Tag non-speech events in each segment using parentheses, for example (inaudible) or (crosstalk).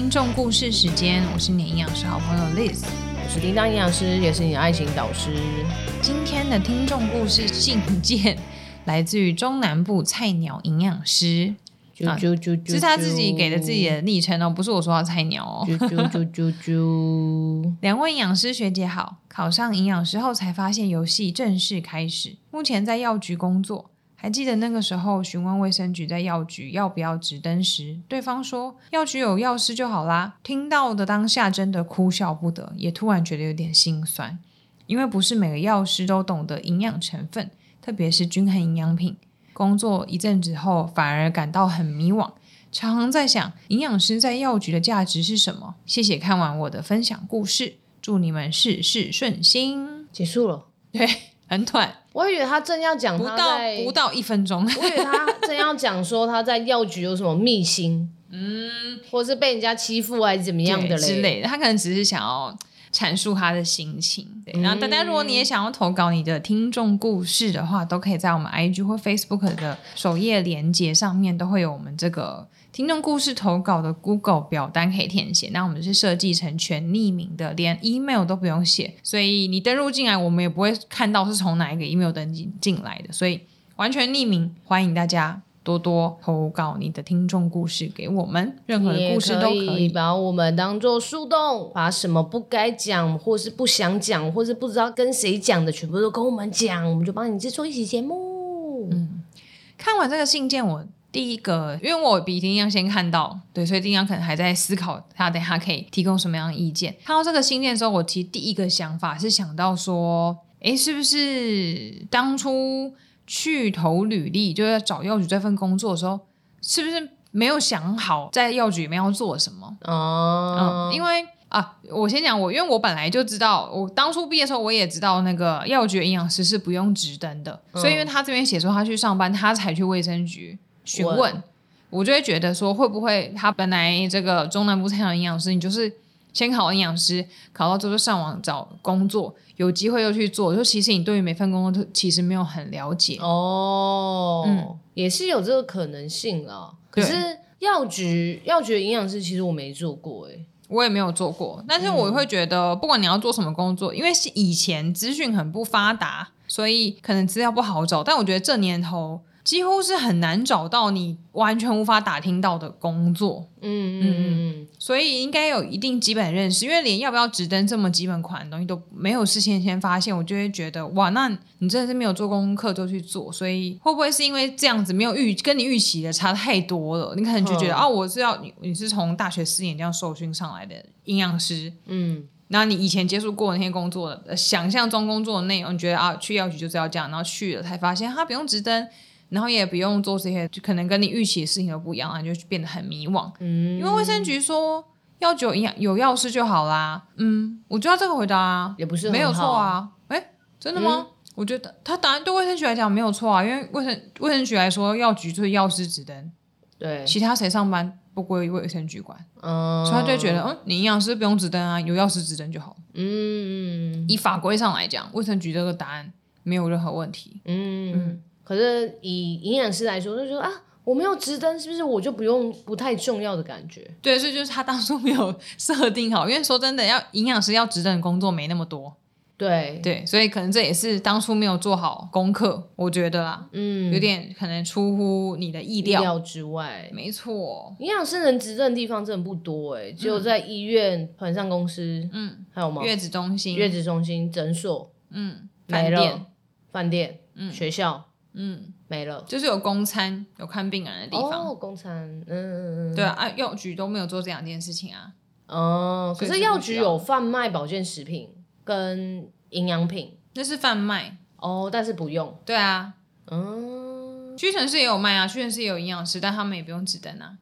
聽眾故事時間，我是你的營養師好朋友 Liz，我是叮噹營養師，也是你的愛情導師。今天的聽眾故事信件來自於中南部菜鳥營養師，是他自己給的自己的昵稱哦，不是我說的菜鳥，哦， (laughs) 啾，啾，啾，啾，啾，兩位營養師學姐好，考上營養師後才發現遊戲正式開始，目前在藥局工作。還記得那個時候詢問衛生局在藥局要不要執登時，對方說藥局有藥師就好啦。聽到的當下真的哭笑不得，也突然覺得有點心酸，因為不是每個藥師都懂得營養成分，特別是均衡營養品。工作一陣子後，反而感到很迷惘，常在想營養師在藥局的價值是什麼。謝謝看完我的分享故事，祝你們事事順心。結束了，對。很短，我以為他正要講他不到不到一分鐘， (laughs) 我以為他正要講說他在藥局有什麼秘辛，嗯，或者是被人家欺負還是怎麼樣的之類的，他可能只是想要闡述他的心情，對。然後大家如果你也想要投稿你的聽眾故事的話，嗯，都可以在我們 IG 或 Facebook 的首頁連結上面都會有我們這個。聽眾故事投稿的 Google 表單可以填寫，那我們是設計成全匿名的，連 email 都不用寫，所以你登入進來，我們也不會看到是從哪一個 email 登進進來的，所以完全匿名，歡迎大家多多投稿你的聽眾故事給我們，任何的故事都可以。可以把我們當做樹洞，把什麼不該講，或是不想講，或是不知道跟誰講的，全部都跟我們講，我們就幫你制作一期節目。嗯，看完這個信件我……第一個，因為我比叮噹先看到，對，所以叮噹可能還在思考，他等下可以提供什麼樣的意見。看到這個信件的時候，我其實第一個想法是想到說，哎、欸，是不是當初去投履歷，就是找藥局這份工作的時候，是不是沒有想好在藥局裡面要做什麼？哦、嗯嗯，因為啊，我先講我，因為我本來就知道，我當初畢業的時候我也知道那個藥局營養師是不用執登的，嗯，所以因為他這邊寫說他去上班，他才去衛生局。詢問，問，我就會覺得說，會不會他本來這個中南部菜鳥營養師，你就是先考完營養師，考到之後就上網找工作，有機會又去做，就其實你對於每份工作都其實沒有很了解哦，嗯，也是有這個可能性啦。可是藥局藥局的營養師其實我沒做過、欸，誒，我也沒有做過，但是我會覺得不管你要做什麼工作，嗯，因為是以前資訊很不發達，所以可能資料不好找，但我覺得這年頭。幾乎是很難找到你完全無法打聽到的工作，嗯嗯嗯，所以應該有一定基本認識，因為連要不要直登這麼基本款的東西都沒有事先先發現，我就會覺得哇，那你真的是沒有做功課就去做，所以會不會是因為這樣子沒有預跟你預期的差太多了，你可能就覺得、嗯、啊，我是要你，你是從大學四年這樣受訓上來的營養師，嗯，那你以前接觸過那些工作的、呃，想象中工作的內容，你覺得啊，去藥局就是要這樣，然後去了才發現他、啊、不用直登。然後也不用做這些，就可能跟你預期的事情又不一樣啊，就變得很迷惘。嗯，因為衛生局說藥局有營養有藥師就好啦。嗯，我就要這個回答啊，也不是沒有錯啊。哎，真的嗎、嗯？我覺得他答案對衛生局來講沒有錯啊，因為衛生衛生局來說藥局就是藥師執登，對，其他誰上班不歸衛生局管，嗯、所以他就覺得嗯、哦你營養師不用執登啊，有藥師執登就好。嗯，以法規上來講，衛生局這個答案沒有任何問題。嗯。嗯可是以營養師來說，就說啊，我沒有執證，是不是我就不用不太重要的感覺？對，所以就是他當初沒有設定好，因為說真的，要營養師要執證工作沒那麼多。對對，所以可能這也是當初沒有做好功課，我覺得啦，嗯，有點可能出乎你的意料，意料之外。沒錯，營養師能執證的地方真的不多哎、欸，只有在醫院、團、嗯、上公司，嗯，還有嗎？月子中心、月子中心、診所，嗯，飯店、飯店，嗯，學校。嗯，沒了，就是有供餐，有看病人的地方。哦，供餐，嗯,嗯，對啊，藥局都沒有做這兩件事情啊。哦，可是藥局有販賣保健食品跟營養品。那是販賣哦，但是不用。對啊，嗯、哦，屈臣氏也有賣啊，屈臣氏也有營養師，但他們也不用執登啊。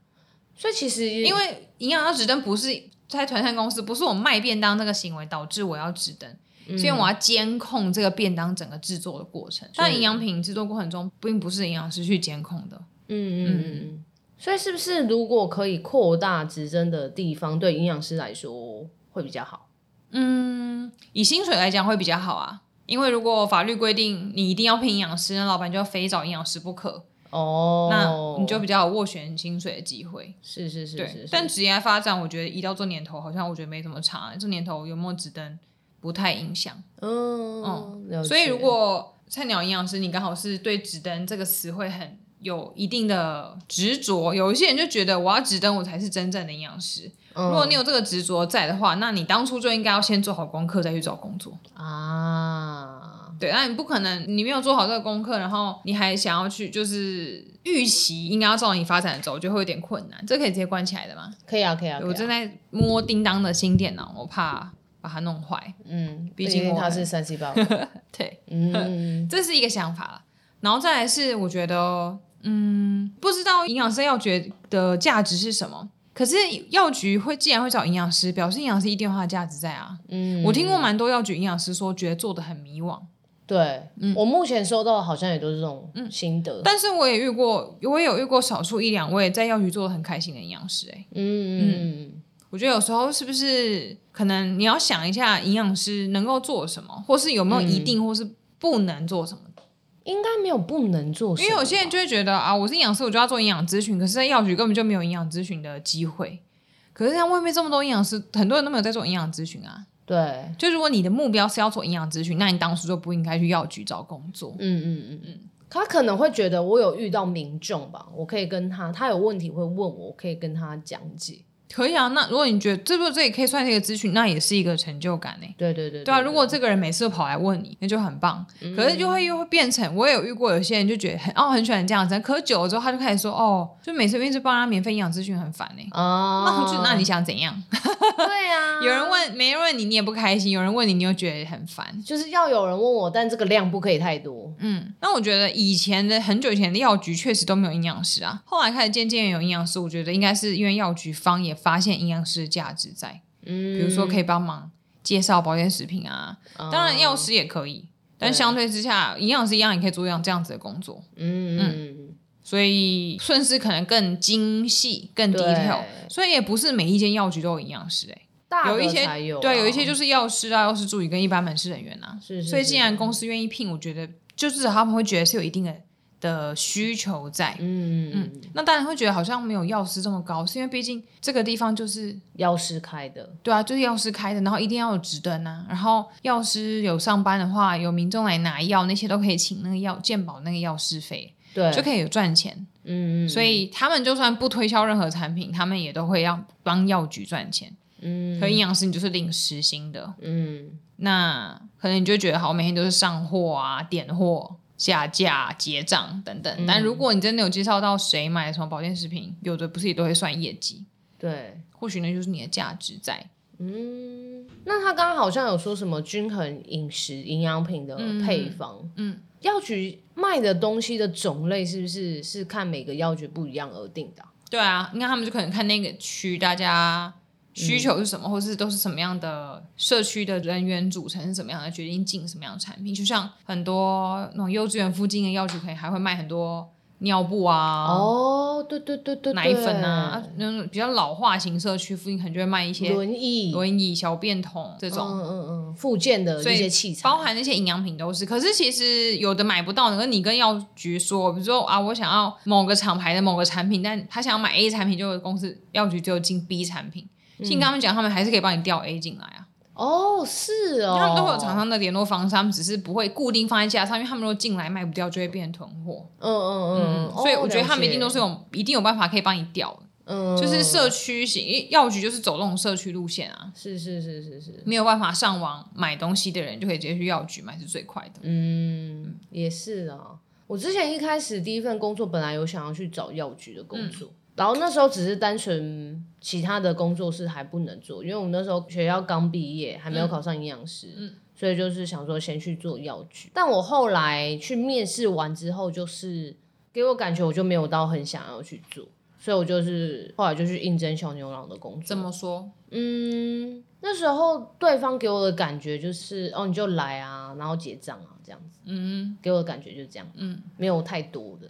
所以其實，因為營養要執登不是在團膳公司，不是我賣便當那個行為導致我要執登。所以我要監控這個便當整個制作的過程。嗯、但營養品制作過程中，並不是營養師去監控的。嗯嗯嗯。所以是不是如果可以擴大執登的地方，對營養師來說會比較好？嗯，以薪水來講會比較好啊。因為如果法律規定你一定要聘營養師，那老板就要非找營養師不可。哦，那你就比較有斡旋薪水的機會。是是是,是,是，是,是,是但職業發展，我覺得一到這年頭，好像我覺得沒怎麼差。這年頭有沒有執登？不太影響。哦，嗯嗯，所以如果菜鳥營養師，你剛好是對“指燈”這個詞會很有一定的執着有一些人就覺得我要指燈，我才是真正的營養師。哦。如果你有這個執着在的話，那你當初就應該要先做好功課，再去找工作啊。對，那你不可能你沒有做好這個功課，然後你還想要去就是預期應該要照你發展的走，就會有點困難。這可以直接關起來的嗎？可以啊，可以啊，我正在摸叮噹的新電腦，我怕。把它弄壞，嗯，畢竟它是三七八， (laughs) 對，嗯，嗯，嗯，這是一個想法。然後再來是，我覺得，嗯，不知道營養師藥局的價值是什麼。可是藥局會既然會找營養師，表示營養師一定有它的價值在啊。嗯，我聽過蠻多藥局營養師說，覺得做的很迷惘。對，嗯，我目前收到的好像也都是這種嗯心得嗯。但是我也遇過，我也有遇過少數一兩位在藥局做的很開心的營養師。欸，哎，嗯嗯嗯。我覺得有時候是不是可能你要想一下營養師能夠做什麼，或是有沒有一定，嗯、或是不能做什麼？應該沒有不能做什麼。因為有些人就會覺得啊，我是營養師，我就要做營養諮詢，可是，在藥局根本就沒有營養諮詢的機會。可是，像外面這麼多營養師，很多人都沒有在做營養諮詢啊。對，就如果你的目標是要做營養諮詢，那你當初就不應該去藥局找工作。嗯嗯嗯嗯，他可能會覺得我有遇到民眾吧，我可以跟他，他有問題會問我，我可以跟他講解。可以啊，那如果你覺得，如果這也可以算是一個諮詢，那也是一個成就感呢。對對對，對。對啊，如果這個人每次都跑來問你，那就很棒。嗯、可是就會又會變成，我也有遇過有些人就覺得很哦很喜歡這樣子，可久了之後他就開始說哦，就每次每次幫他免費營養諮詢很煩呢。哦。那、哦、那你想怎樣？對啊， (laughs) 有人問沒人問你，你也不開心；有人問你，你又覺得很煩。就是要有人問我，但這個量不可以太多。嗯。那我覺得以前的很久以前的藥局確實都沒有營養師啊，後來開始漸漸有營養師，我覺得應該是因為藥局方也方。發現營養師的價值在、嗯，比如說可以幫忙介紹保健食品啊，嗯、當然藥師也可以，但相對之下，營養師一樣也可以做這樣這樣子的工作。嗯嗯嗯，所以算是可能更精細、更低調，所以也不是每一間藥局都有營養師大有、啊。有一些對，有一些就是藥師啊，藥師助理跟一般門市人員吶、啊。是是是，所以既然公司願意聘，我覺得就是他們會覺得是有一定的的需求在，嗯嗯，那當然會覺得好像沒有藥師這麼高，是因為畢竟這個地方就是藥師開的，對啊，就是藥師開的，然後一定要有執登啊，然後藥師有上班的話，有民眾來拿藥，那些都可以請那個藥、健保、那個藥師費，對，就可以有賺錢，嗯，所以他們就算不推銷任何產品，他們也都會要幫藥局賺錢，嗯，可是營養師你就是領時薪的，嗯，那可能你就覺得好，每天都是上貨啊，點貨。下架、結賬等等、嗯，但如果你真的有介紹到誰買什麼保健食品，有的不是也都會算業績？對，或許呢就是你的價值在。嗯，那他剛剛好像有說什麼均衡飲食營養品的配方？嗯，嗯、藥局賣的東西的種類是不是是看每個藥局不一樣而定的？對啊，應該，他們就可能看那個區大家。需求是什麼，或是都是什麼樣的社區的人員組成是怎麼樣的，決定進什麼樣的產品。就像很多那種幼稚園附近的藥局，可能還會賣很多尿布啊。哦，對對對對，奶粉啊，那種、啊嗯、比較老化型社區附近，可能就會賣一些輪椅、輪椅小便桶這種嗯嗯嗯附件的這些器材，包含那些營養品都是。可是其實有的買不到的，你跟藥局說，比如說啊，我想要某個廠牌的某個產品，但他想要買 A 產品就，就公司藥局就進 B 產品。信，剛剛講，他們還是可以幫你調 A 進來啊。哦，是哦。因為都有廠商的聯絡方式，他們只是不會固定放在架上，因為他們如果進來賣不掉，就會變成囤貨。嗯嗯嗯、哦。所以我覺得他們一定都是有，嗯、一定有辦法可以幫你調。嗯。就是社區型，因為藥局就是走這種社區路線啊。是是是是是。沒有辦法上網買東西的人，就可以直接去藥局買，是最快的。嗯，嗯也是啊、哦。我之前一開始第一份工作，本來有想要去找藥局的工作。嗯然後那時候只是單純，其他的工作室還不能做，因為我們那時候學校剛畢業，還沒有考上營養師，嗯，所以就是想說先去做藥局。但我後來去面試完之後，就是給我感覺我就沒有到很想要去做。所以，我就是後來就去應徵小牛郎的工作。怎麼說？嗯，那時候對方給我的感覺就是，哦，你就來啊，然後結賬啊，這樣子。嗯，給我的感覺就是這樣子。嗯，沒有太多的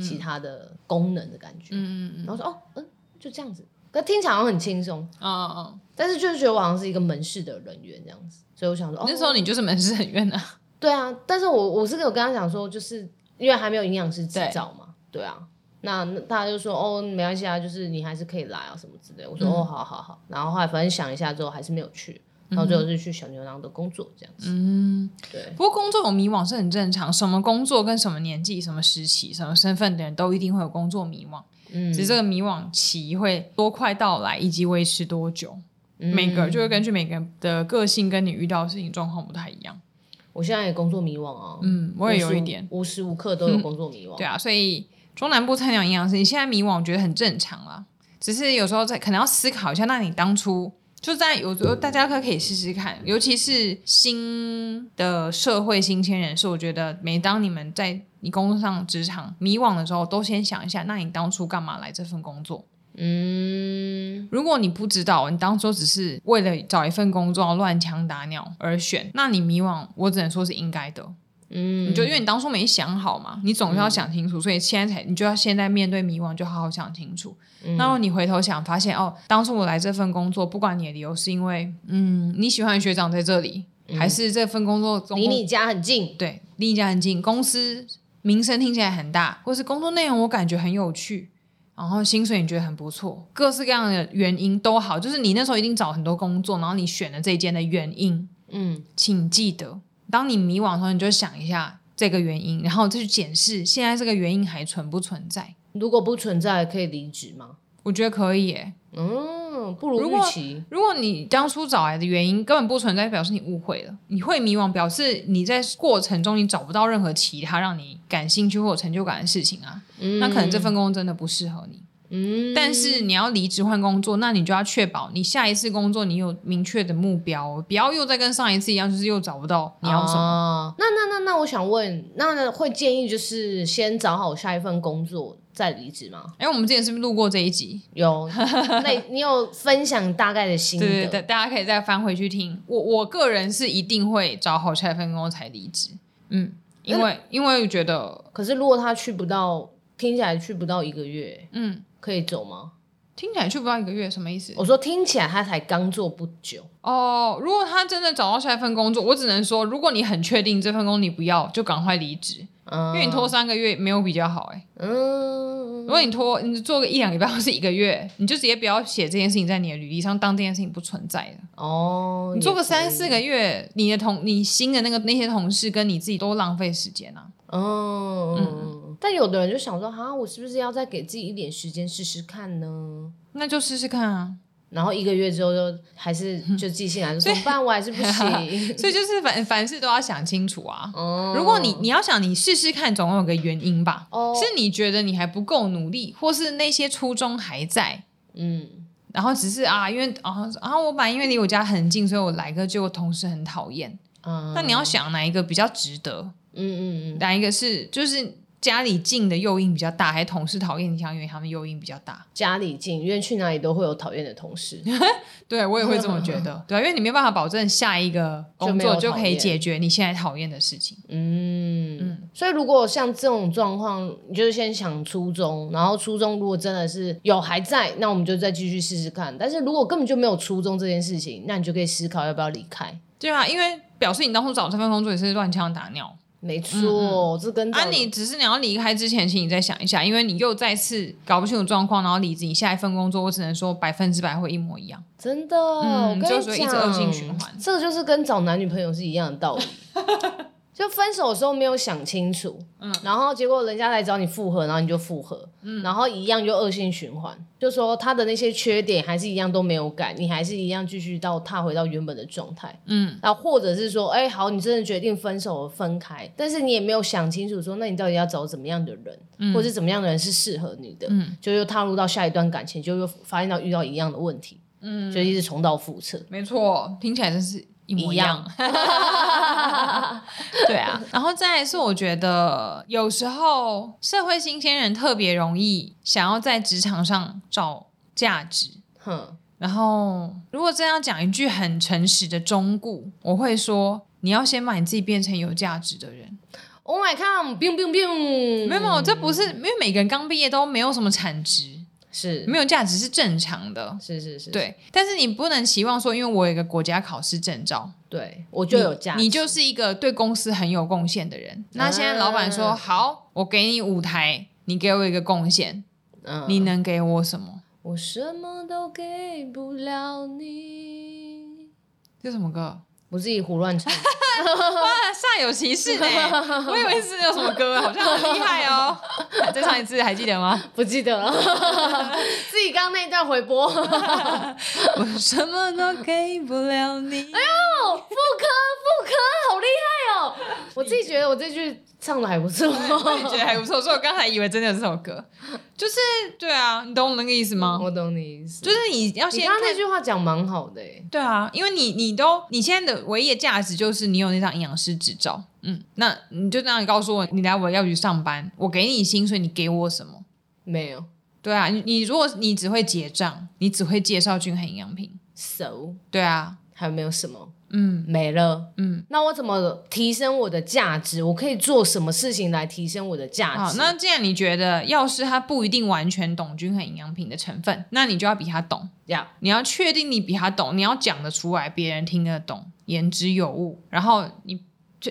其他的功能的感覺。嗯，嗯，然後說，哦，嗯，就這樣子。可聽起來好像很輕鬆。啊、哦、啊、哦哦、但是就是覺得我好像是一個門市的人員這樣子。所以我想說，哦、那時候你就是門市人員啊？對啊。但是我我是我跟他講說，就是因為還沒有營養師執照嘛，對。對啊。那大家就說哦，沒關係啊，就是你還是可以來啊，什麼之類的，我說、嗯、哦，好好好。然後後來反正想一下之後，還是沒有去。然後最後就是去小牛郎的工作這樣子。嗯，對。不過工作有迷惘是很正常，什麼工作跟什麼年紀、什麼時期、什麼身份的人都一定會有工作迷惘。嗯，只是這個迷惘期會多快到來以及維持多久，嗯、每個人就會根據每個人的個性跟你遇到的事情狀況不太一樣。我現在也工作迷惘啊。嗯，我也有一點，無時無刻都有工作迷惘。嗯、對啊，所以。中南部菜鳥營養師，你現在迷惘我覺得很正常啦，只是有時候在可能要思考一下。那你當初就在有時候大家可可以試試看，尤其是新的社會新鮮人士，我覺得每當你們在你工作上職場迷惘的時候，都先想一下，那你當初幹嘛來這份工作？嗯，如果你不知道你當初只是為了找一份工作亂槍打鳥而選，那你迷惘，我只能說是應該的。嗯，你就因為你當初沒想好嘛，你總是要想清楚，嗯、所以現在才你就要現在面對迷惘，就好好想清楚。嗯、然後你回頭想，發現哦，當初我來這份工作，不管你的理由是因為嗯你喜歡學長在這裡、嗯，還是這份工作離你家很近，對，離你家很近，公司名聲聽起來很大，或是工作內容我感覺很有趣，然後薪水你覺得很不錯，各式各樣的原因都好，就是你那時候一定找很多工作，然後你選了這一間的原因，嗯，請記得。當你迷惘的時候，你就想一下這個原因，然後再去檢視現在這個原因還存不存在。如果不存在，可以離職嗎？我覺得可以耶。嗯，不如預期。如果，如果你當初找來的原因根本不存在，表示你誤會了。你會迷惘，表示你在過程中你找不到任何其他讓你感興趣或有成就感的事情啊。嗯。那可能這份工作真的不適合你。嗯，但是你要離職換工作，那你就要確保你下一次工作你有明確的目標，不要又再跟上一次一樣，就是又找不到你要、啊、什麼。那那那那，那那我想問，那會建議就是先找好下一份工作再離職嗎？因、欸、為我們之前是不是錄過這一集？有，那你有分享大概的心得， (laughs) 對，大家可以再翻回去聽。我我個人是一定會找好下一份工作才離職，嗯，因為、欸、因為我覺得，可是如果他去不到，聽起來去不到一個月，嗯。可以走嗎？聽起來去不到一個月，什麼意思？我說聽起來他才剛做不久哦。Oh, 如果他真的找到下一份工作，我只能說，如果你很確定這份工你不要，就趕快離職，oh. 因為你拖三個月沒有比較好哎、欸。嗯、oh.，如果你拖，你做個一兩禮拜，或是一個月，你就直接不要寫這件事情在你的履歷上，當這件事情不存在的。哦、oh,，你做個三四個月，你的同你新的那個那些同事跟你自己都浪費時間啊。哦、oh. 嗯。但有的人就想說，哈，我是不是要再給自己一點時間試試看呢？那就試試看啊。然後一個月之後，就還是就記起來說 (laughs) 所以，不然我還是不行。 (laughs) (laughs) 所以就是凡凡事都要想清楚啊。哦，如果你你要想你試試看，總有個原因吧。哦，是你覺得你還不夠努力，或是那些初衷還在。嗯。然後只是啊，因為啊啊，我本來因為離我家很近，所以我來個就同事很討厭。嗯。那你要想哪一個比較值得？嗯嗯嗯。哪一個？是就是。家裡近的誘因比較大，還是同事討厭你？想，因為他們誘因比較大，家裡近，因為去哪裡都會有討厭的同事。 (laughs) 對我也會這麼覺得呵呵，對，因為你沒有辦法保證下一個工作就可以解決你現在討厭的事情。嗯嗯，所以如果像這種狀況，你就是先想初衷，然後初衷如果真的是有還在，那我們就再繼續試試看。但是如果根本就沒有初衷這件事情，那你就可以思考要不要離開。對啊，因為表示你當初找這份工作也是亂槍打鳥。沒錯、嗯，這跟啊，你只是你要離開之前，請你再想一下，因為你又再次搞不清楚狀況，然後離職，你下一份工作，我只能說百分之百會一模一樣。真的，我、嗯、跟你講，一直惡性循環、嗯，這個、就是跟找男女朋友是一樣的道理。 (laughs) 就分手的時候沒有想清楚，嗯，然後結果人家來找你復合，然後你就復合，嗯，然後一樣就惡性循環，就說他的那些缺點還是一樣都沒有改，你還是一樣繼續到踏回到原本的狀態，嗯，那或者是說，哎、欸，好，你真的決定分手分開，但是你也沒有想清楚，說那你到底要找怎麼樣的人，嗯、或者是怎麼樣的人是適合你的，嗯，就又踏入到下一段感情，就又發現到遇到一樣的問題，嗯，就一直重蹈覆轍，沒錯，聽起來真是。一模一樣， (laughs) 對啊，然後再來是我覺得有時候社會新鮮人特別容易想要在職場上找價值，哼，然後如果真要講一句很誠實的忠告，我會說你要先把你自己變成有價值的人。Oh my God！冰冰冰，沒有沒有，這不是因為每個人剛畢業都沒有什麼產值。是沒有價值是正常的，是是是，是對，但是你不能期望說，因為我有一個國家考試證照，對，我就有價值，你就是一個對公司很有貢獻的人，啊。那現在老闆說好，我給你舞台，你給我一個貢獻，啊，你能給我什麼？我什麼都給不了你。這什麼歌？我自己胡亂唱， (laughs) 哇，煞有其事的，我以為是那個什麼歌， (laughs) 好像很厲害哦，再唱一次， (laughs) 還記得嗎？不記得了， (laughs) 自己剛剛那一段回播， (laughs) (laughs) 我什麼都給不了你，哎呦，副歌副歌好厲害。 (laughs) 我自己覺得我這句唱得還不錯， (laughs) 覺得還不錯，所以我剛才以為真的有這首歌，就是對啊，你懂我那個意思嗎？我懂你意思，就是你要先。你剛剛那句話講蠻好的，對啊，因為你你都你現在的唯一的價值就是你有那張營養師執照，嗯，那你就這樣，你告訴我，你來我要去上班，我給你薪水，你給我什麼？沒有，對啊，你你如果你只會結賬，你只會介紹均衡營養品，so，對啊，還有沒有什麼？嗯，沒了。嗯，那我怎麼提升我的價值？我可以做什麼事情來提升我的價值？好、哦，那既然你覺得藥師他不一定完全懂均衡營養品的成分，那你就要比他懂。這樣你要確定你比他懂，你要講得出來，別人聽得懂，言之有物。然後你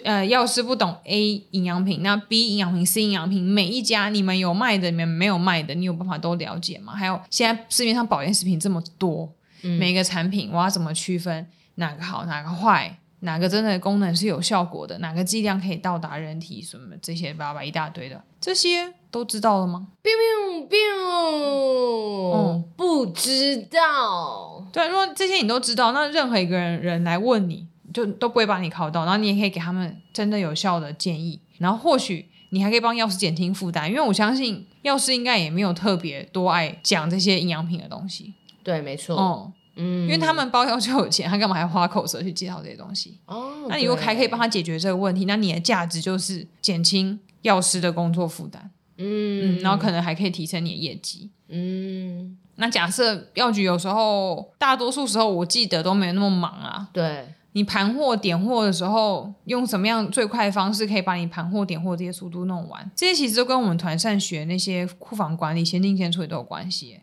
呃，藥師不懂 A 營養品，那 B 營養品、C 營養品，每一家你們有賣的，你們沒有賣的，你有辦法都了解嗎？還有現在市面上保健食品這麼多，嗯、每個產品我要怎麼區分？哪個好，哪個壞，哪個真的功能是有效果的，哪個劑量可以到達人體，什麼這些叭叭一大堆的，這些都知道了嗎？biu biu biu，不知道。對，如果這些你都知道，那任何一個人人來問你，就都不會把你考到，然後你也可以給他們真的有效的建議，然後或許你還可以幫藥師減輕負擔，因為我相信藥師應該也沒有特別多愛講這些營養品的東西。對，沒錯。嗯嗯，因為他們包藥就有錢，他幹嘛還要花口舌去介紹這些東西？哦，那你又還可以幫他解決這個問題，那你的價值就是減輕藥師的工作負擔。嗯。嗯，然後可能還可以提升你的業績。嗯，那假設藥局有時候，大多數時候我記得都沒有那麼忙啊。對，你盤貨點貨的時候，用什麼樣最快的方式可以把你盤貨點貨這些速度弄完？這些其實都跟我們團膳學那些庫房管理先進先出也都有關係。欸。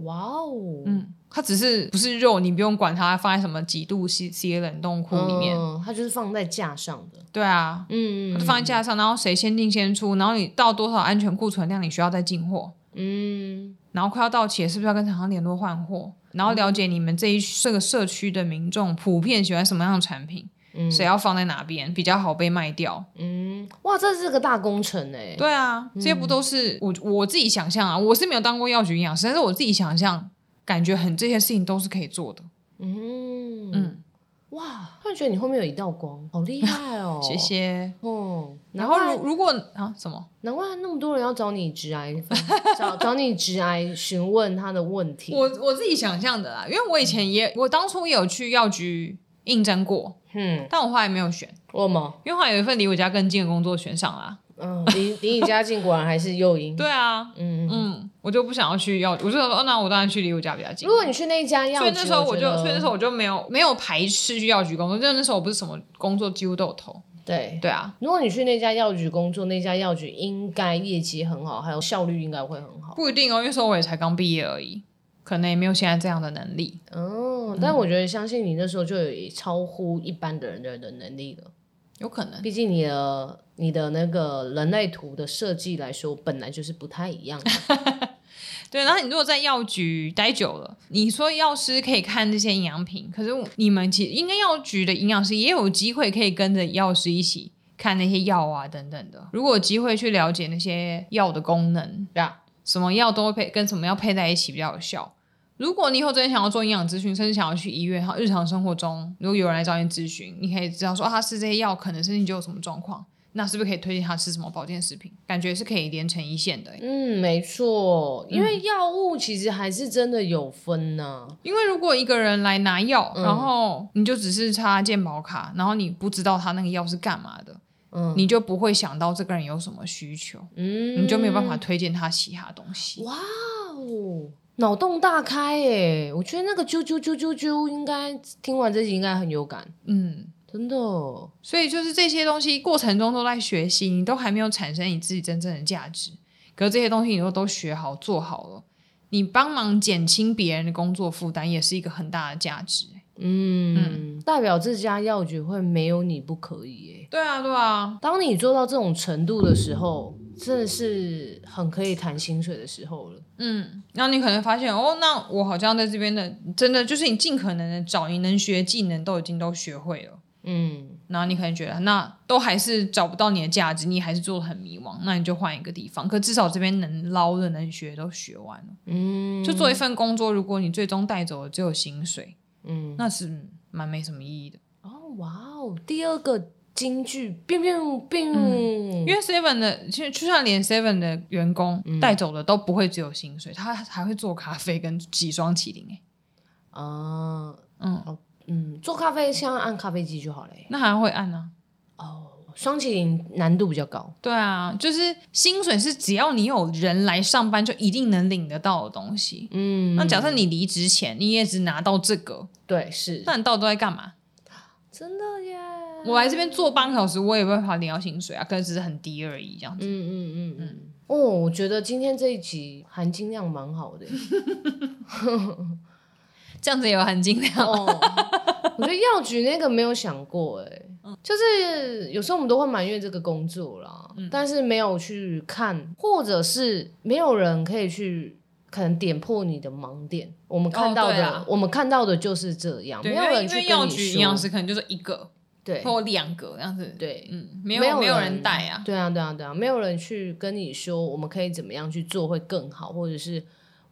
哇、wow、哦，嗯，它只是不是肉，你不用管它放在什麼幾度 C C 冷凍庫裡面，嗯，它就是放在架上的。對啊，嗯，嗯，嗯，它就放在架上，然後誰先進先出，然後你到多少安全庫存量，你需要再進貨。嗯，然後快要到期了，是不是要跟廠商聯絡換貨？然後了解你們這一、嗯、這個社區的民眾普遍喜歡什麼樣的產品？所以、嗯、要放在哪邊比較好被賣掉？嗯，哇，這是個大工程哎、欸。對啊，這些不都是我、嗯、我自己想象啊？我是沒有當過藥局營養師，但是我自己想象，感覺很這些事情都是可以做的。嗯嗯，哇，突然覺得你後面有一道光，好厲害哦！ (laughs) 謝謝哦。然後如如果啊什麼？難怪那麼多人要找你治癌， (laughs) 找找你治癌，詢問他的問題。我我自己想象的啦，因為我以前也，嗯、我當初也有去藥局。應徵過，嗯，但我後來沒有選有，因為後來有一份離我家更近的工作選上了啊，嗯，離離你家近，果然還是誘因。對啊，嗯嗯，我就不想要去藥局，我就說，哦，那我當然去離我家比較近，如果你去那一家藥局。所以那時候我就，我所以那時候我就沒有沒有排斥去藥局工作，因為那時候我不是什麼工作幾乎都有投。對對啊，如果你去那家藥局工作，那家藥局應該業績很好，還有效率應該會很好。不一定哦，因為那時候我也才剛畢業而已。可能也沒有現在這樣的能力嗯、哦，但我覺得相信你那時候就有超乎一般的人的能力了，有可能，畢竟你的你的那個人類圖的設計來說，本來就是不太一樣的。 (laughs) 對，然後你如果在藥局待久了，你說藥師可以看這些營養品，可是你們其實應該藥局的營養師也有機會可以跟着藥師一起看那些藥啊等等的，如果有機會去了解那些藥的功能，對吧？什麼藥都會配跟什麼藥配在一起比較有效。如果你以後真的想要做營養諮詢，甚至想要去醫院，哈，日常生活中如果有人來找你諮詢，你可以知道說、啊、他吃這些藥，可能身體就有什麼狀況，那是不是可以推薦他吃什麼保健食品？感覺是可以連成一線的。嗯，沒錯，因為藥物其實還是真的有分呢、啊嗯。因為如果一個人來拿藥，然後你就只是插健保卡，然後你不知道他那個藥是幹嘛的，嗯，你就不會想到這個人有什麼需求，嗯，你就沒有辦法推薦他其他東西。哇哦！腦洞大開耶，我覺得那個啾啾啾啾啾應，應該聽完這集應該很有感。嗯，真的哦。所以就是這些東西過程中都在學習，你都還沒有產生你自己真正的價值。可是這些東西你都都學好做好了，你幫忙減輕別人的工作負擔，也是一個很大的價值。嗯，代、嗯、表這家藥局會沒有你不可以耶。對啊，對啊。當你做到這種程度的時候。這是很可以談薪水的時候了。嗯，那你可能發現哦，那我好像在這邊的，真的就是你盡可能的找你能學技能，都已經都學會了。嗯，然後你可能覺得那都還是找不到你的價值，你還是做得很迷茫。那你就換一個地方，可至少這邊能撈的、能學都學完了。嗯，就做一份工作，如果你最終帶走的只有薪水，嗯，那是蠻沒什麼意義的。哦，哇哦，第二個。京劇變變變！因為 Seven 的，其實就算連 Seven 的員工帶走了，都不會只有薪水，嗯、他還會做咖啡跟擠雙麒麟、欸。哎，啊，嗯，嗯，做咖啡像按咖啡機就好了、欸。那還會按呢、啊？哦，雙麒麟難度比較高。對啊，就是薪水是只要你有人來上班，就一定能領得到的東西。嗯，那假設你離職前，你也只拿到這個，對，是，那你到底都在幹嘛？真的呀？我來這邊坐半個小時，我也沒辦法領薪水啊，可能只是很低而已這樣子。嗯嗯嗯嗯。哦，我覺得今天這一集含金量蠻好的， (laughs) 這樣子也有含金量。哦， (laughs) 我覺得藥局那個沒有想過哎、嗯，就是有時候我們都會埋怨這個工作啦、嗯，但是沒有去看，或者是沒有人可以去可能點破你的盲點。我們看到的，哦、我們看到的就是這樣，沒有人去跟你說，因為因為藥局營養師可能就是一個。對，或兩個這樣子，對，嗯，沒有沒有人帶啊，對啊，對啊，對啊，沒有人去跟你說我們可以怎麼樣去做會更好，或者是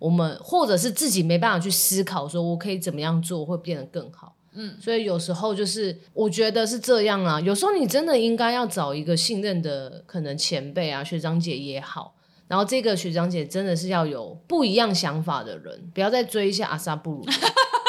我們或者是自己沒辦法去思考說我可以怎麼樣做會變得更好，嗯，所以有時候就是我覺得是這樣啊，有時候你真的應該要找一個信任的可能前輩啊學長姐也好，然後這個學長姐真的是要有不一樣想法的人，不要再追一下阿薩布魯。 (laughs)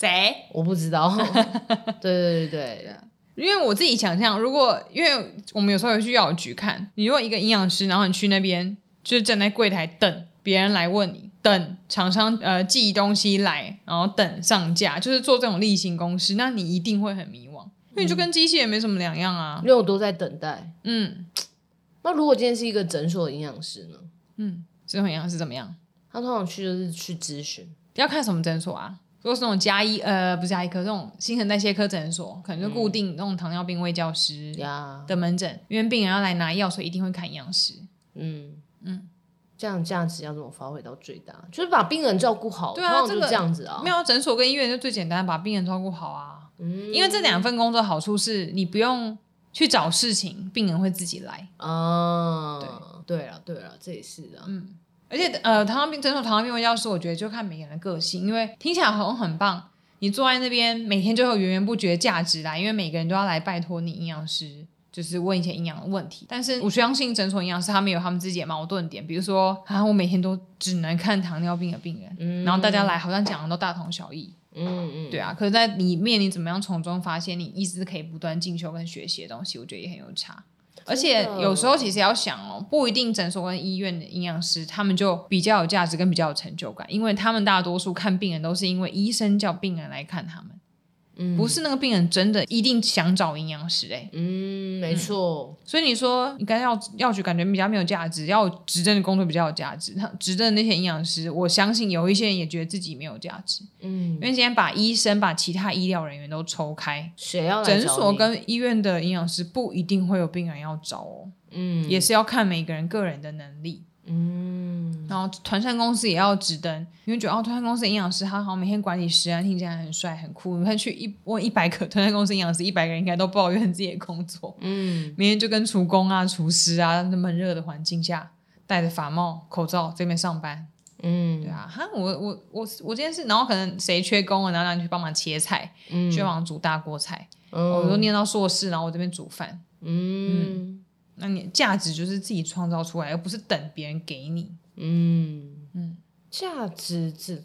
誰我不知道， (laughs) 對對對對，因為我自己想象如果因為我們有時候會去藥局看，你如果一個營養師，然後你去那邊就是站在櫃檯等別人來問你，等廠商呃寄東西來，然後等上架，就是做這種例行公事，那你一定會很迷惘，嗯、因為你就跟機器也沒什麼兩樣啊，因為我都在等待。嗯， (coughs) 那如果今天是一個診所的營養師呢？嗯，這種營養師怎麼樣？他通常去就是去諮詢，要看什麼診所啊？如果是那種家醫，呃，不是家醫科，這種新陳代謝科診所，可能就固定那種糖尿病衛教師的門診。嗯，因為病人要來拿藥，所以一定會看藥師。嗯嗯，這樣這樣子要怎麼發揮到最大？就是把病人照顧好。對啊，這個這樣子啊。哦，沒有診所跟醫院就最簡單，把病人照顧好啊。嗯，因為這兩份工作好處是你不用去找事情，病人會自己來。哦，嗯，對對了對了，這也是的。嗯。而且，呃，糖尿病診所糖尿病的營養師，我覺得就看每個人的個性，因為聽起來好像很棒，你坐在那邊每天就有源源不絕的價值啦，因為每個人都要來拜托你營養師，就是問一些營養的問題。但是我相信診所營養師他們有他們自己的矛盾點，比如說啊，我每天都只能看糖尿病的病人，嗯、然後大家來好像講的都大同小異，嗯嗯，嗯，對啊。可是，在裡面你怎麼樣從中發現你一直可以不斷進修跟學習的東西，我覺得也很有差。而且有時候其實要想哦，不一定診所跟醫院的營養師，他們就比較有價值跟比較有成就感，因為他們大多數看病人都是因為醫生叫病人來看他們。嗯、不是那個病人真的一定想找營養師哎、欸，嗯，沒錯。所以你說你剛才要藥局感覺比較沒有價值，要執證的工作比較有價值。他執證的那些營養師，我相信有一些人也覺得自己沒有價值，嗯，因為今天把醫生、把其他醫療人員都抽開，診所跟醫院的營養師不一定會有病人要找哦，嗯，也是要看每個人個人的能力，嗯。然後團膳公司也要直燈，因為覺得哦，團膳公司營養師他好像每天管理食安，聽起來很帥很酷。你看去一問一百個團膳公司營養師，一百個人應該都抱怨自己的工作。嗯，每天就跟廚工啊、廚師啊，在那麼熱的環境下戴着髮帽、口罩這邊上班。嗯，對啊，哈，我我我我今天是，然後可能誰缺工啊，然後讓你去幫忙切菜，嗯，幫忙煮大鍋菜。哦，我都念到碩士，然後我這邊煮飯。嗯，嗯那你價值就是自己創造出來，而不是等別人給你。嗯嗯，價、嗯、值制，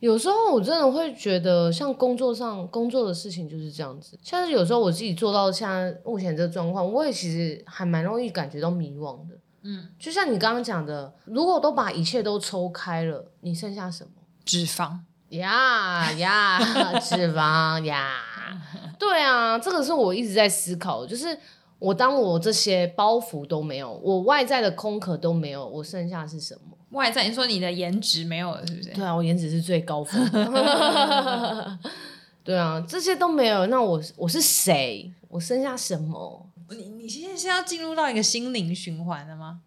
有時候我真的會覺得，像工作上工作的事情就是這樣子。像是有時候我自己做到像目前這個狀況，我也其實還蠻容易感覺到迷惘的。嗯，就像你剛剛講的，如果都把一切都抽開了，你剩下什麼？脂肪呀呀，yeah, yeah, (laughs) 脂肪呀。Yeah、 (laughs) 對啊，這個是我一直在思考，就是。我當我這些包袱都沒有，我外在的空殼都沒有，我剩下是什麼？外在，你說你的顏值沒有了，是不是？對啊，我顏值是最高峰。 (laughs) (laughs) 對啊，這些都沒有，那我我是誰？我剩下什麼？你你現在是要進入到一個心靈循環了嗎？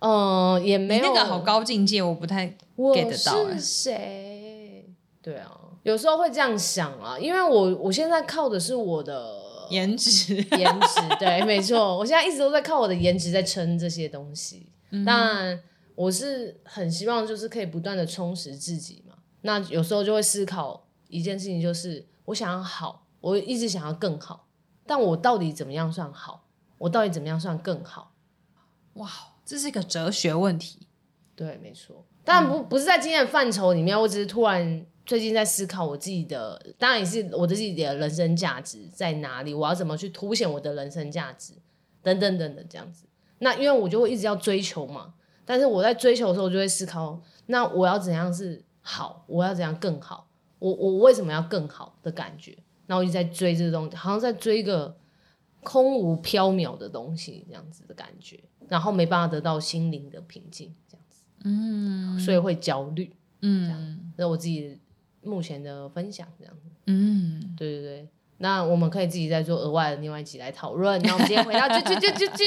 嗯、呃，也沒有。那個好高境界，我不太 get 得到欸。到。是誰？對啊，有時候會這樣想啊，因為我我現在靠的是我的。顏值， (laughs) 顏值，對，沒錯。我現在一直都在靠我的顏值在撐這些東西。當然、嗯，但我是很希望就是可以不斷的充實自己嘛。那有時候就會思考一件事情，就是我想要好，我一直想要更好，但我到底怎麼樣算好？我到底怎麼樣算更好？哇，這是一個哲學問題？對，沒錯。但不，嗯、不是在經驗範疇裡面，我只是突然。最近在思考我自己的，當然也是我的自己的人生價值在哪裡，我要怎麼去凸顯我的人生價值等等等等這樣子。那因為我就會一直要追求嘛，但是我在追求的時候，我就會思考，那我要怎樣是好？我要怎樣更好？我我為什麼要更好的感覺？然後我就在追這個東西，好像在追一個空無縹緲的東西這樣子的感覺，然後沒辦法得到心靈的平靜這樣子，嗯，所以會焦慮，嗯這樣子，那我自己。目前的分享這樣子，嗯，對對對。那我們可以自己再做額外的另外一集來討論。然後我們今天回到啾啾啾啾啾。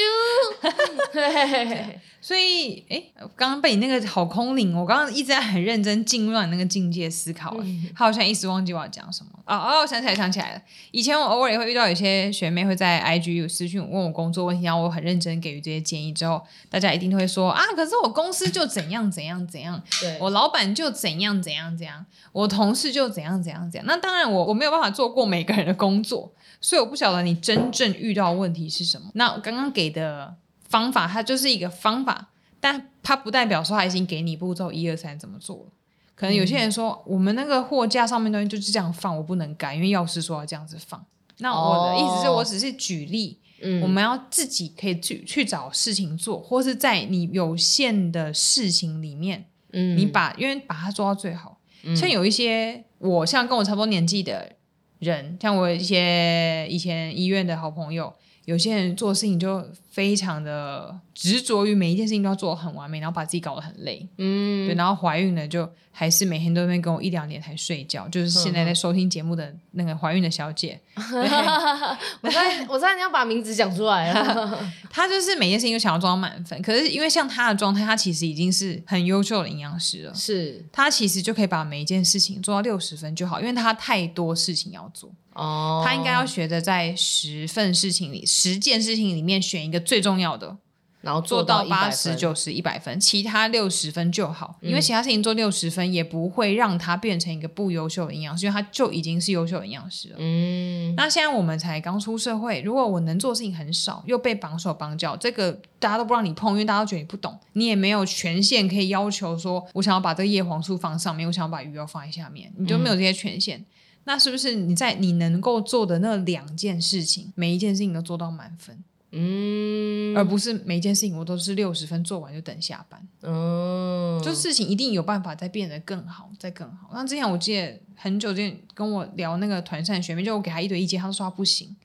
所以哎、欸，剛剛被你那個好空靈，我剛剛一直在很認真進入你那個境界思考，他好像一時忘記我要講什麼。哦哦，想起來，想起來了。以前我偶爾也會遇到有些學妹會在 IG 有私訊問我工作問題， (laughs) 然後我很認真給予這些建議之後，大家一定會說啊，可是我公司就怎樣怎樣怎樣，對，我老闆就怎樣怎樣怎樣，我同事就怎樣怎樣怎樣。那當然我我沒有辦法做過每個人的。 (laughs) 工作，所以我不曉得你真正遇到問題是什麼？那我剛剛給的方法，它就是一個方法，但它不代表說他已經給你步驟一二三怎麼做。可能有些人說，嗯、我們那個貨架上面的東西就是這樣放，我不能改，因為藥師說要這樣子放。那我的意思是我只是舉例，哦嗯、我們要自己可以去去找事情做，或是在你有限的事情裡面，嗯，你把因為把它做到最好。嗯、像有一些我像跟我差不多年紀的。人像我一些以前醫院的好朋友。有些人做事情就非常的執着於每一件事情都要做得很完美，然後把自己搞得很累。嗯，對。然後懷孕了，就還是每天都在跟我一兩點才睡覺。就是現在在收聽節目的那個懷孕的小姐，呵呵 (laughs) 我在我在，你要把名字講出來了。她 (laughs) 就是每一件事情都想要做到滿分，可是因為像她的狀態，她其實已經是很優秀的營養師了。是，她其實就可以把每一件事情做到六十分就好，因為她太多事情要做。哦、oh.，他應該要學着在十份事情裡，十件事情裡面選一個最重要的，然後做到八十九十一百分，其他六十分就好、嗯。因為其他事情做六十分也不會讓他變成一個不優秀的營養師，因為他就已經是優秀的營養師了。嗯，那現在我們才剛出社會，如果我能做的事情很少，又被綁手綁腳，這個大家都不讓你碰，因為大家都覺得你不懂，你也沒有權限可以要求說，我想要把這個葉黃素放上面，我想要把魚油放在下面，你就沒有這些權限。嗯。那是不是你在你能夠做的那兩件事情，每一件事情都做到滿分？嗯，而不是每一件事情我都是六十分，做完就等下班。哦，就事情一定有辦法再變得更好，再更好。那之前我記得很久之前就跟我聊那個團扇學妹，就我給他一堆意見，他說他不行，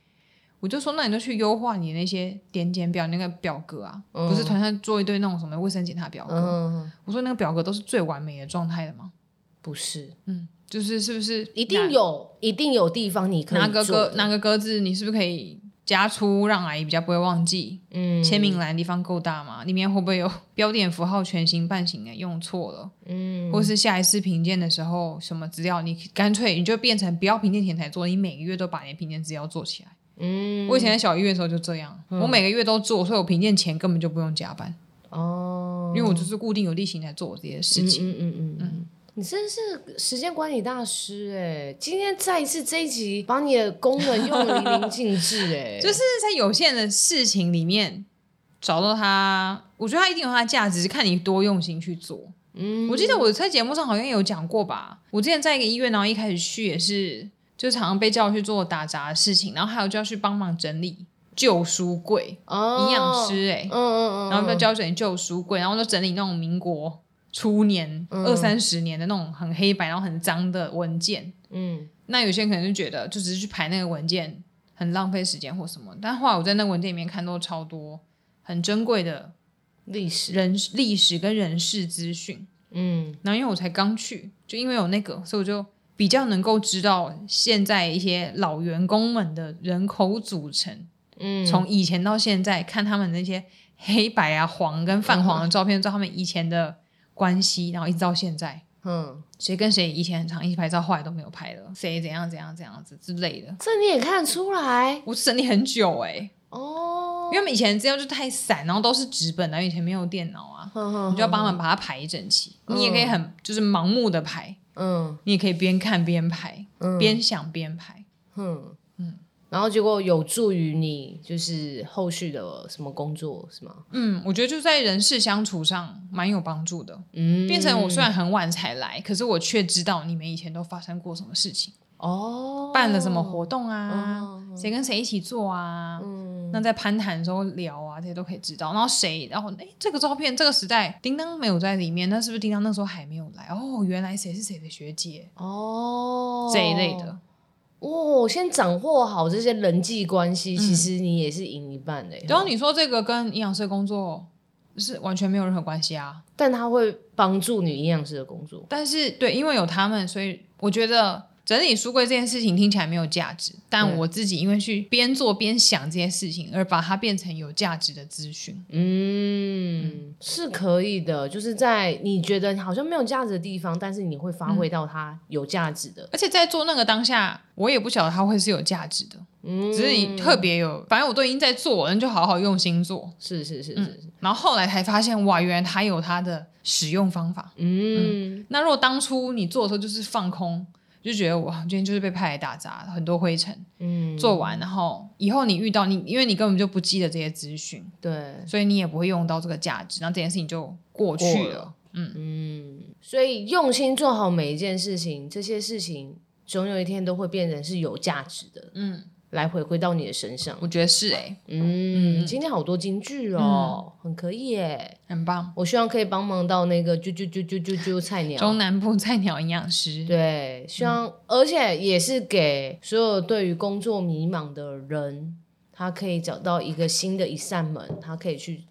我就說那你就去優化你那些點檢表，那個表格啊，哦、不是團扇做一堆那種什麼衛生檢查表格。嗯、哦，我說那個表格都是最完美的狀態的嗎？不是，嗯。就是是不是一定有，一定有地方你可以，哪個格、哪個格子你是不是可以加粗，讓阿姨比較不會忘記？嗯，簽名欄的地方夠大嘛？裡面會不會有標點符號全形半形的用錯了？嗯，或是下一次評鑑的時候什麼資料，你乾脆你就變成不要評鑑前才做，你每個月都把你的評鑑資料做起來。嗯，我以前在小醫院的時候就這樣，嗯、我每個月都做，所以我評鑑前根本就不用加班。哦，因為我就是固定有例行來做這些事情。嗯嗯嗯嗯，嗯。嗯你真是時間管理大師哎、欸，今天再一次這一集把你的功能用的淋漓盡致哎、欸， (laughs) 就是在有限的事情裡面找到他，我覺得他一定有他的價值，看你多用心去做。嗯，我記得我在節目上好像有講過吧？我之前在一個醫院，然後一開始去也是，就常常被叫去做打雜的事情，然後還有就要去幫忙整理舊書櫃。哦，營養師哎、欸，嗯，嗯，嗯，然後就教整理舊書櫃，然後就整理那種民國。初年二三十年的那種很黑白然後很髒的文件，嗯，那有些人可能就覺得就只是去排那個文件很浪費時間或什麼，但後來我在那個文件裡面看到超多很珍貴的歷史人歷史跟人事資訊，嗯，那因為我才剛去，就因為有那個，所以我就比較能夠知道現在一些老員工們的人口組成，嗯，從以前到現在看他們那些黑白啊黃跟泛黃的照片，嗯、知道他們以前的。關係，然後一直到現在，嗯，誰跟誰以前很長一起拍照，後來都沒有拍了，誰怎樣怎樣這樣子之類的，這你也看出來，我整理很久哎、欸，哦，因為以前資料就太散，然後都是紙本，然後以前沒有電腦啊，哼哼哼，你就要幫忙把它排一整齊、嗯。你也可以很就是盲目的排，嗯，你也可以邊看邊排，嗯、邊想邊排，嗯。嗯然後結果有助於你，就是後續的什麼工作是嗎？嗯，我覺得就在人事相處上蠻有幫助的。嗯，變成我雖然很晚才來，可是我卻知道你們以前都發生過什麼事情。哦，辦了什麼活動啊？誰、哦、跟誰一起做啊？嗯，那在攀談的時候聊啊，這些都可以知道。然後誰？然後哎、欸，這個照片，這個時代，叮噹沒有在裡面，那是不是叮噹那時候還沒有來？哦，原來誰是誰的學姐？哦，這一類的。哇、哦，先掌握好這些人際關係，嗯、其實你也是贏一半的、欸。然後你說這個跟營養師的工作是完全沒有任何關係啊，但他會幫助你營養師的工作。但是，對，因為有他們，所以我覺得。整理書櫃這件事情聽起來沒有價值，但我自己因為去邊做邊想這件事情，而把它變成有價值的資訊、嗯。嗯，是可以的，就是在你覺得你好像沒有價值的地方，但是你會發揮到它有價值的、嗯。而且在做那個當下，我也不曉得它會是有價值的，嗯、只是你特別有。反正我都已經在做，了，反正就好好用心做。是是是是是、嗯。然後後來才發現，哇，原來它有它的使用方法。嗯，嗯，那如果當初你做的時候就是放空。就覺得我今天就是被派來打雜，很多灰塵。嗯，做完然後以後你遇到你，因為你根本就不記得這些資訊，對，所以你也不會用到這個價值，然後這件事情就過去了。了嗯嗯，所以用心做好每一件事情，嗯，這些事情總有一天都會變成是有價值的。嗯。來回回到你的身上，我覺得是哎、欸嗯，嗯，今天好多金句哦，嗯、很可以哎，很棒。我希望可以幫忙到那個，啾啾啾啾啾啾菜鳥，中南部菜鳥營養師，對，希望、嗯，而且也是給所有對於工作迷茫的人，他可以找到一個新的一扇門，他可以去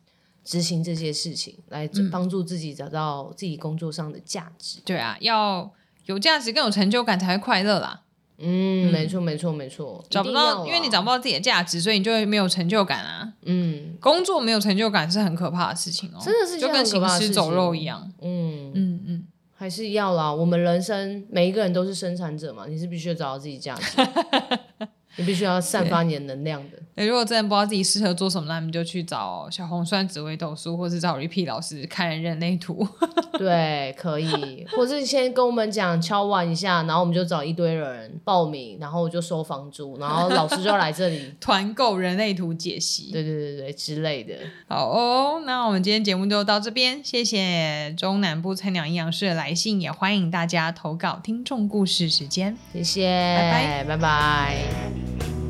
執行這些事情，來幫助自己找到自己工作上的價值。嗯、對啊，要有價值更有成就感才會快樂啦。嗯，沒錯，沒錯，沒錯，找不到，因為你找不到自己的價值，所以你就會沒有成就感啊。嗯，工作沒有成就感是很可怕的事情哦、喔，真的是的就跟行屍走肉一樣。嗯嗯嗯，還是要啦。我們人生每一個人都是生產者嘛，你是必須要找到自己價值， (laughs) 你必須要散發你的能量的。如果真的不知道自己適合做什麼，那我們就去找小紅書、算紫微斗數或是找 r repeat 老師看人類圖。對，可以， (laughs) 或是先跟我們講敲碗一下，然後我們就找一堆人報名，然後我就收房租，然後老師就要來這裡團購 (laughs) 人類圖解析。對對對對，之類的。好哦，那我們今天節目就到這邊，謝謝中南部菜鳥營養師的來信，也歡迎大家投稿聽眾故事時間，謝謝，拜拜，拜拜。